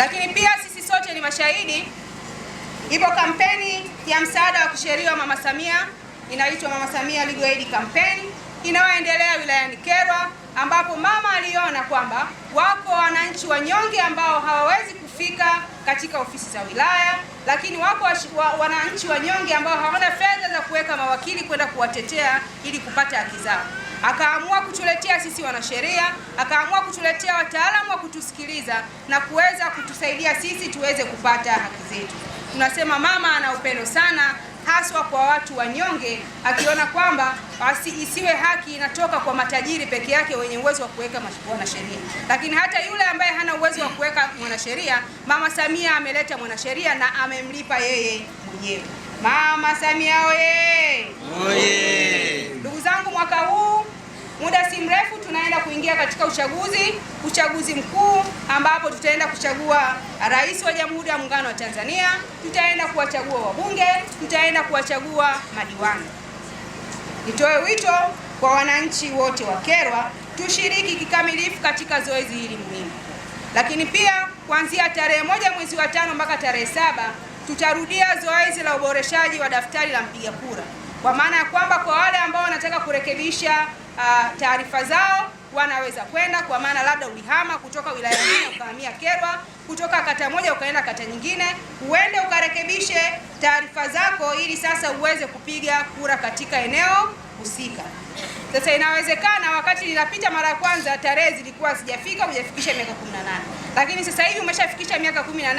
Lakini pia sisi sote ni mashahidi, ipo kampeni ya msaada wa kisheria wa Mama Samia inaitwa Mama Samia Legal Aid Campaign inayoendelea wilayani Kerwa, ambapo mama aliona kwamba wako wananchi wanyonge ambao hawawezi kufika katika ofisi za wilaya, lakini wako wa, wananchi wanyonge ambao hawana fedha za kuweka mawakili kwenda kuwatetea ili kupata haki zao akaamua kutuletea sisi wanasheria, akaamua kutuletea wataalamu wa kutusikiliza na kuweza kutusaidia sisi tuweze kupata haki zetu. Tunasema mama ana upendo sana, haswa kwa watu wanyonge, akiona kwamba isiwe haki inatoka kwa matajiri peke yake wenye uwezo wa kuweka mwanasheria, lakini hata yule ambaye hana uwezo wa kuweka mwanasheria, Mama Samia ameleta mwanasheria na amemlipa yeye mwenyewe. Mama Samia oye! Ndugu zangu, mwaka huu Muda si mrefu tunaenda kuingia katika uchaguzi, uchaguzi mkuu ambapo tutaenda kuchagua rais wa Jamhuri ya Muungano wa Tanzania, tutaenda kuwachagua wabunge, tutaenda kuwachagua madiwani. Nitoe wito kwa wananchi wote wa Kyerwa tushiriki kikamilifu katika zoezi hili muhimu. Lakini pia kuanzia tarehe moja mwezi wa tano mpaka tarehe saba tutarudia zoezi la uboreshaji wa daftari la mpiga kura kwa maana ya kwamba kwa wale ambao wanataka kurekebisha uh, taarifa zao wanaweza kwenda, kwa maana labda ulihama kutoka wilaya nyingine ukahamia Kerwa, kutoka kata moja ukaenda kata nyingine, uende ukarekebishe taarifa zako ili sasa uweze kupiga kura katika eneo husika. Sasa inawezekana wakati linapita mara ya kwanza tarehe zilikuwa sijafika, hujafikisha miaka 18, lakini sasa hivi umeshafikisha miaka 18.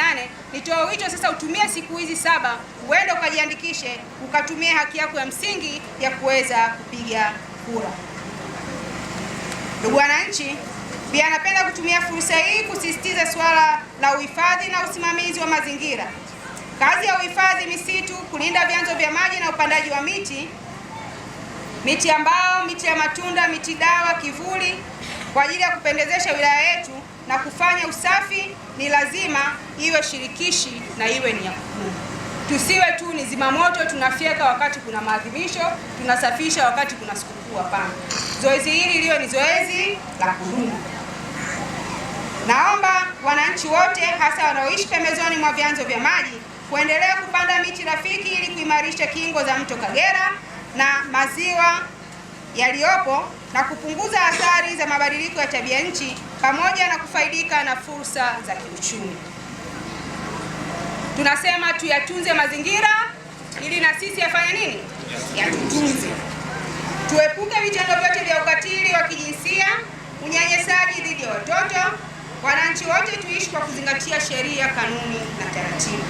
Nitoa wito sasa utumie siku hizi saba uende ukajiandikishe, ukatumie haki yako ya msingi ya kuweza kupiga kura. Ndugu wananchi, pia napenda kutumia fursa hii kusisitiza suala la uhifadhi na usimamizi wa mazingira. Kazi ya uhifadhi misitu, kulinda vyanzo vya maji na upandaji wa miti miti ya mbao, miti ya matunda, miti dawa, kivuli kwa ajili ya kupendezesha wilaya yetu na kufanya usafi, ni lazima iwe shirikishi na iwe ni ya kudumu. Tusiwe tu ni zimamoto, tunafyeka wakati kuna maadhimisho, tunasafisha wakati kuna sikukuu. Hapana, zoezi hili lio ni zoezi la kudumu. Naomba wananchi wote, hasa wanaoishi pembezoni mwa vyanzo vya maji, kuendelea kupanda miti rafiki ili kuimarisha kingo za mto Kagera na maziwa yaliyopo na kupunguza athari za mabadiliko ya tabia nchi pamoja na kufaidika na fursa za kiuchumi tunasema tuyatunze mazingira ili na sisi yafanye nini, yatutunze. Tuepuke vitendo vyote vya ukatili wa kijinsia, unyanyasaji dhidi ya watoto. Wananchi wote tuishi kwa kuzingatia sheria, kanuni na taratibu.